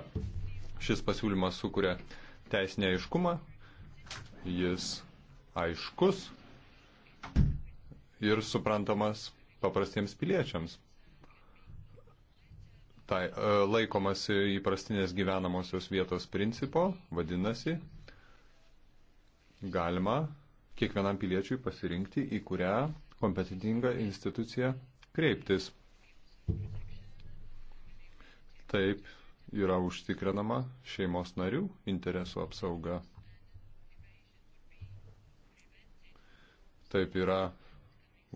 Šis pasiūlymas sukuria teisinę aiškumą, jis aiškus ir suprantamas paprastiems piliečiams tai, e, laikomasi įprastinės gyvenamosios vietos principo, vadinasi, galima kiekvienam piliečiui pasirinkti, į kurią kompetitingą instituciją kreiptis. Taip yra užtikrinama šeimos narių interesų apsauga. Taip yra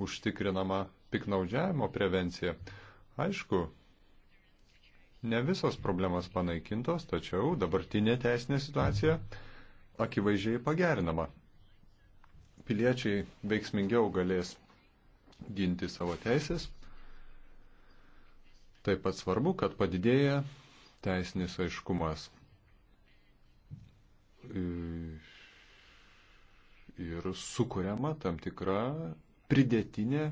užtikrinama piknaudžiavimo prevencija. Aišku, Ne visos problemos panaikintos, tačiau dabartinė teisinė situacija akivaizdžiai pagerinama. Piliečiai veiksmingiau galės ginti savo teisės. Taip pat svarbu, kad padidėja teisinis aiškumas. E, ir sukuriama tam tikra pridėtinė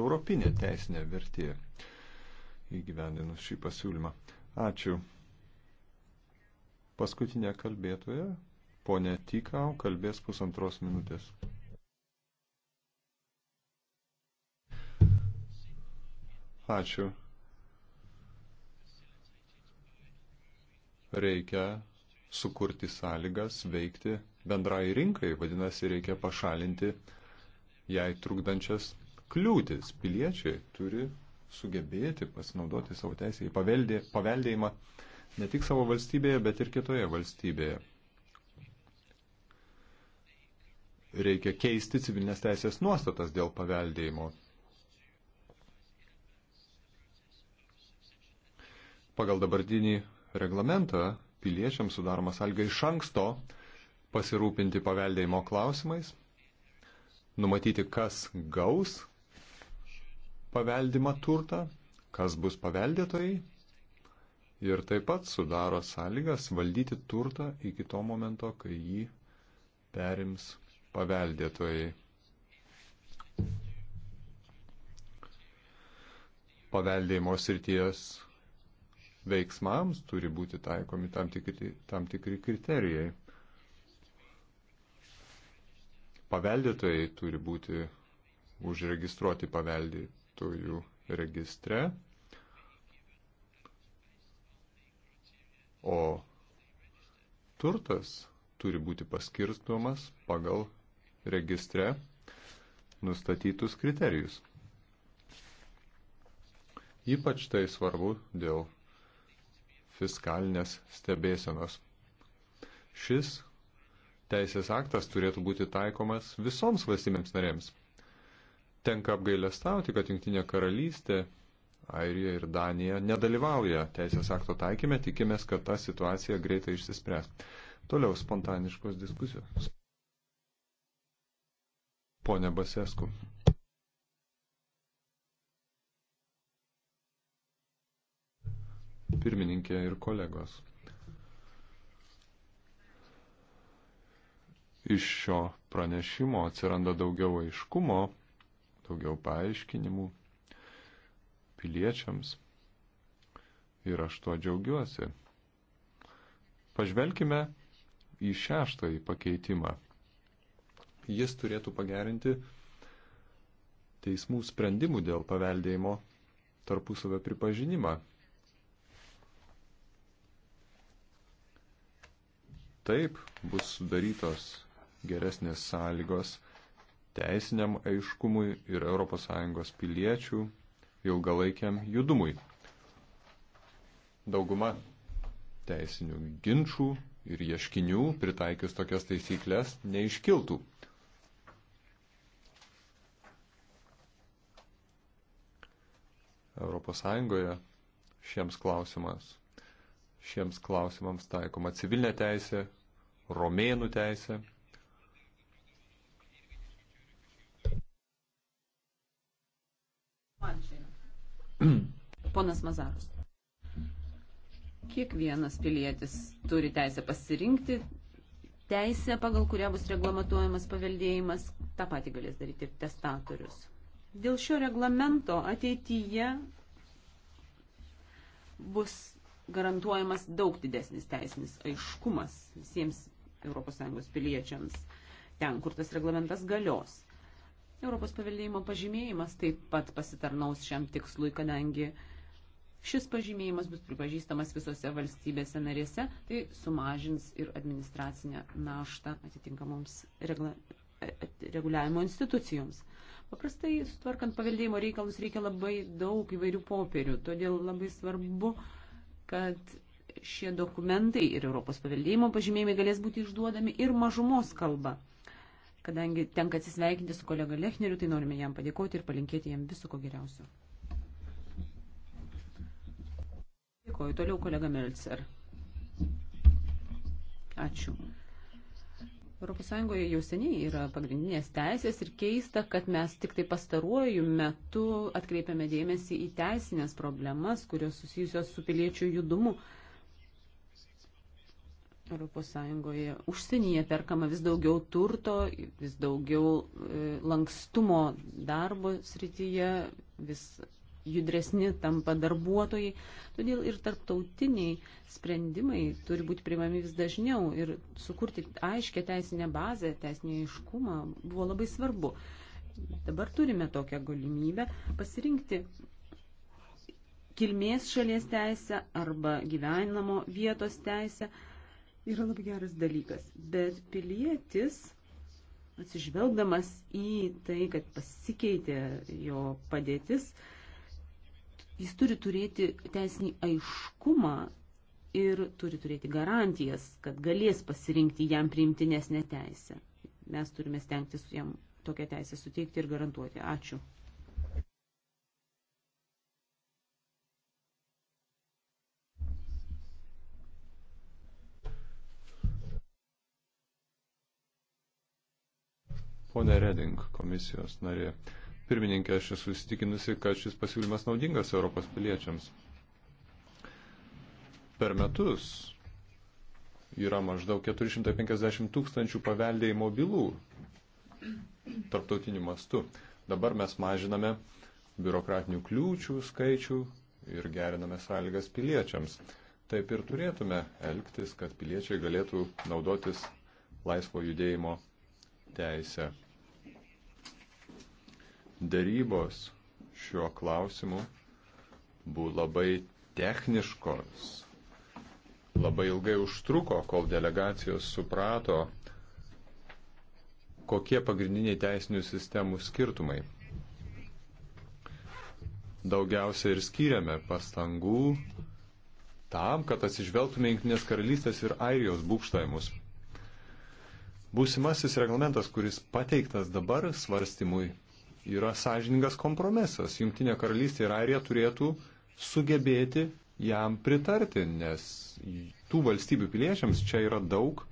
europinė teisinė vertė įgyvendinus šį pasiūlymą. Ačiū. Paskutinė kalbėtoja, ponė Tikau, kalbės pusantros minutės. Ačiū. Reikia sukurti sąlygas veikti bendrai rinkai, vadinasi, reikia pašalinti jai trukdančias kliūtis. Piliečiai turi sugebėti pasinaudoti savo teisę į paveldė, paveldėjimą ne tik savo valstybėje, bet ir kitoje valstybėje. Reikia keisti civilinės teisės nuostatas dėl paveldėjimo. Pagal dabartinį reglamentą piliečiams sudaroma sąlyga iš anksto pasirūpinti paveldėjimo klausimais, numatyti, kas gaus paveldimą turtą, kas bus paveldėtojai ir taip pat sudaro sąlygas valdyti turtą iki to momento, kai jį perims paveldėtojai. Paveldėjimo srities veiksmams turi būti taikomi tam tikri, tam tikri kriterijai. Paveldėtojai turi būti užregistruoti paveldėti vartotojų registre, o turtas turi būti paskirstomas pagal registre nustatytus kriterijus. Ypač tai svarbu dėl fiskalinės stebėsenos. Šis teisės aktas turėtų būti taikomas visoms valstybėms narėms tenka apgailestauti, kad Junktinė karalystė, Airija ir Danija nedalyvauja teisės akto taikymė, tikimės, kad ta situacija greitai išsispręs. Toliau spontaniškos diskusijos. Pone Basesku. Pirmininkė ir kolegos. Iš šio pranešimo atsiranda daugiau aiškumo daugiau paaiškinimų piliečiams. Ir aš tuo džiaugiuosi. Pažvelkime į šeštąjį pakeitimą. Jis turėtų pagerinti teismų sprendimų dėl paveldėjimo tarpusavio pripažinimą. Taip bus sudarytos geresnės sąlygos teisiniam aiškumui ir ES piliečių ilgalaikiam judumui. Dauguma teisinių ginčių ir ieškinių pritaikius tokias taisyklės neiškiltų. ES šiems klausimams, šiems klausimams taikoma civilinė teisė, romėnų teisė, Ponas Mazaras. Kiekvienas pilietis turi teisę pasirinkti teisę, pagal kurią bus reglamentuojamas paveldėjimas. Ta pati galės daryti ir testatorius. Dėl šio reglamento ateityje bus garantuojamas daug didesnis teisinis aiškumas visiems ES piliečiams ten, kur tas reglamentas galios. Europos paveldėjimo pažymėjimas taip pat pasitarnaus šiam tikslui, kadangi šis pažymėjimas bus pripažįstamas visose valstybėse narėse, tai sumažins ir administracinę naštą atitinkamoms regla, reguliavimo institucijoms. Paprastai, sutvarkant paveldėjimo reikalus, reikia labai daug įvairių popierių, todėl labai svarbu, kad šie dokumentai ir Europos paveldėjimo pažymėjimai galės būti išduodami ir mažumos kalba. Kadangi tenka atsisveikinti su kolega Lechneriu, tai norime jam padėkoti ir palinkėti jam viso ko geriausio. Dėkoju. Toliau kolega Melcer. Ačiū. ES jau seniai yra pagrindinės teisės ir keista, kad mes tik tai pastaruoju metu atkreipiame dėmesį į teisinės problemas, kurios susijusios su piliečių judumu. Uh, ES užsienyje perkama vis daugiau turto, vis daugiau e, lankstumo darbo srityje, vis judresni tampa darbuotojai. Todėl ir tarptautiniai sprendimai turi būti primami vis dažniau ir sukurti aiškę teisinę bazę, teisinį aiškumą buvo labai svarbu. Dabar turime tokią galimybę pasirinkti kilmės šalies teisę arba gyvenamo vietos teisę yra labai geras dalykas, bet pilietis, atsižvelgdamas į tai, kad pasikeitė jo padėtis, jis turi turėti teisinį aiškumą ir turi turėti garantijas, kad galės pasirinkti jam priimtinesnę teisę. Mes turime stengtis jam tokią teisę suteikti ir garantuoti. Ačiū. Pone Reding, komisijos narė. Pirmininkė, aš esu įsitikinusi, kad šis pasiūlymas naudingas Europos piliečiams. Per metus yra maždaug 450 tūkstančių paveldėjimo bylų tarptautiniu mastu. Dabar mes mažiname biurokratinių kliūčių skaičių ir geriname sąlygas piliečiams. Taip ir turėtume elgtis, kad piliečiai galėtų naudotis laisvo judėjimo teisę. Darybos šiuo klausimu buvo labai techniškos. Labai ilgai užtruko, kol delegacijos suprato, kokie pagrindiniai teisinių sistemų skirtumai. Daugiausia ir skiriame pastangų tam, kad atsižvelgtume Junktinės karalystės ir Airijos būkštavimus. Būsimasis reglamentas, kuris pateiktas dabar svarstymui, yra sąžiningas kompromisas. Junktinė karalystė ir Airija turėtų sugebėti jam pritarti, nes tų valstybių piliečiams čia yra daug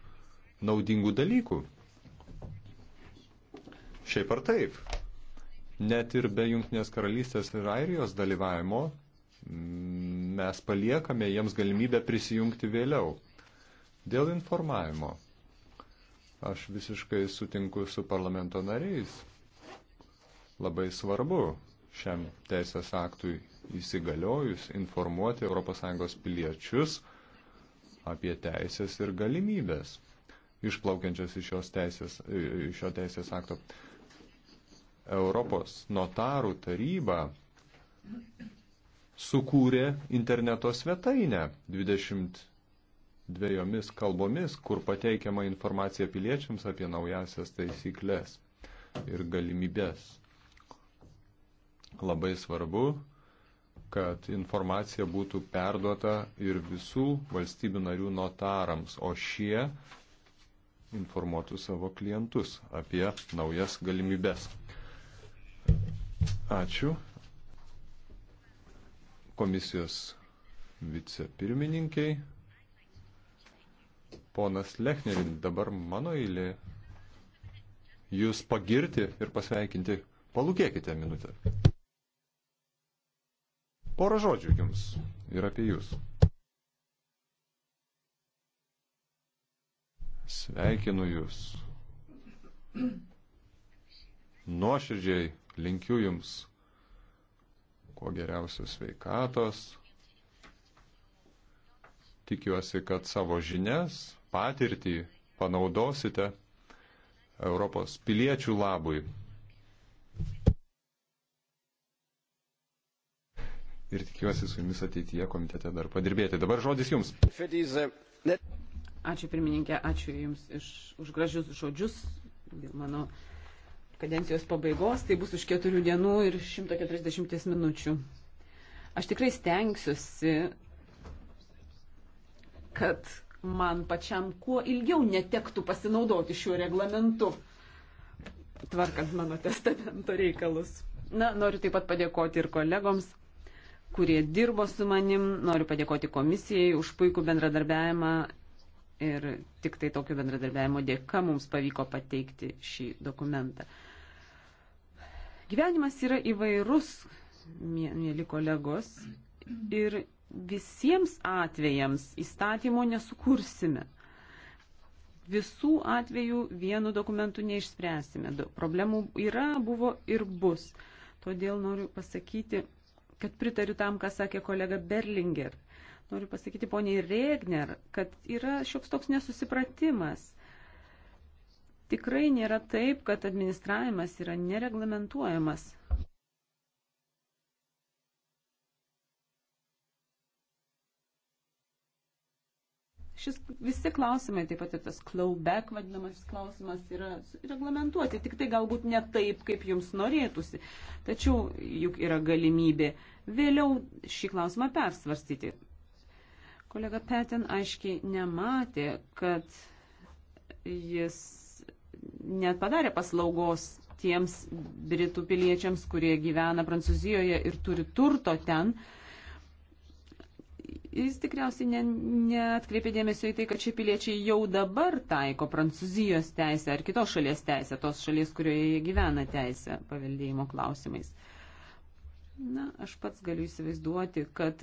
naudingų dalykų. Šiaip ar taip, net ir be Junktinės karalystės ir Airijos dalyvavimo mes paliekame jiems galimybę prisijungti vėliau. Dėl informavimo. Aš visiškai sutinku su parlamento nariais. Labai svarbu šiam teisės aktui įsigaliojus informuoti ES piliečius apie teisės ir galimybės išplaukiančias iš, teisės, iš šio teisės akto. Europos notarų taryba sukūrė interneto svetainę 20 dviejomis kalbomis, kur pateikiama informacija piliečiams apie naujasias taisyklės ir galimybės. Labai svarbu, kad informacija būtų perduota ir visų valstybių narių notarams, o šie informuotų savo klientus apie naujas galimybės. Ačiū. Komisijos vicepirmininkiai. Ponas Lechnerin, dabar mano eilė jūs pagirti ir pasveikinti. Palūkėkite minutę. Porą žodžių jums ir apie jūs. Sveikinu jūs. Nuoširdžiai linkiu jums kuo geriausios sveikatos, Tikiuosi, kad savo žinias, patirtį panaudosite Europos piliečių labui. Ir tikiuosi su jumis ateityje komitete dar padirbėti. Dabar žodis jums. Ačiū pirmininkė, ačiū jums iš, už gražius žodžius. Dėl mano kadencijos pabaigos, tai bus už keturių dienų ir 140 minučių. Aš tikrai stengsiuosi kad man pačiam kuo ilgiau netektų pasinaudoti šiuo reglamentu, tvarkant mano testamento reikalus. Na, noriu taip pat padėkoti ir kolegoms, kurie dirbo su manim, noriu padėkoti komisijai už puikų bendradarbiavimą ir tik tai tokio bendradarbiavimo dėka mums pavyko pateikti šį dokumentą. Gyvenimas yra įvairus, mėly kolegos, ir visiems atvejams įstatymo nesukursime. Visų atvejų vienu dokumentu neišspręsime. Problemų yra, buvo ir bus. Todėl noriu pasakyti, kad pritariu tam, ką sakė kolega Berlinger. Noriu pasakyti poniai Regner, kad yra šioks toks nesusipratimas. Tikrai nėra taip, kad administravimas yra nereglamentuojamas Šis visi klausimai, taip pat ir tas clawback vadinamas klausimas yra reglamentuoti, tik tai galbūt ne taip, kaip jums norėtųsi. Tačiau juk yra galimybė vėliau šį klausimą persvarstyti. Kolega Petin aiškiai nematė, kad jis net padarė paslaugos tiems britų piliečiams, kurie gyvena Prancūzijoje ir turi turto ten. Uh, Jis tikriausiai ne, neatkreipė dėmesio į tai, kad šie piliečiai jau dabar taiko Prancūzijos teisę ar kitos šalies teisę, tos šalies, kurioje jie gyvena teisę paveldėjimo klausimais. Na, aš pats galiu įsivaizduoti, kad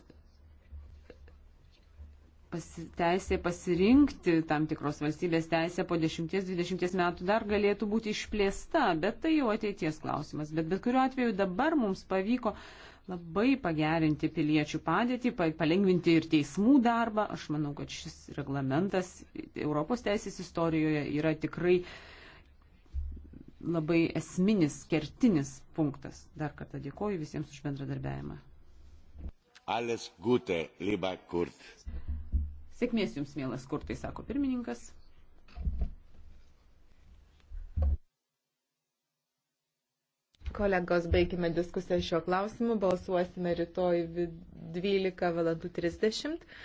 pasi, teisė pasirinkti tam tikros valstybės teisę po 10-20 metų dar galėtų būti išplėsta, bet tai jau ateities klausimas. Bet bet kuriuo atveju dabar mums pavyko uh, labai pagerinti piliečių padėtį, palengvinti ir teismų darbą. Aš manau, kad šis reglamentas Europos teisės istorijoje yra tikrai labai esminis, kertinis punktas. Dar kartą dėkoju visiems už bendradarbiavimą. Alles gute, liba kurt. Sėkmės jums, mielas kurtai, sako pirmininkas. Kolegos, baigime diskusiją šiuo klausimu. Balsuosime rytoj 12.30.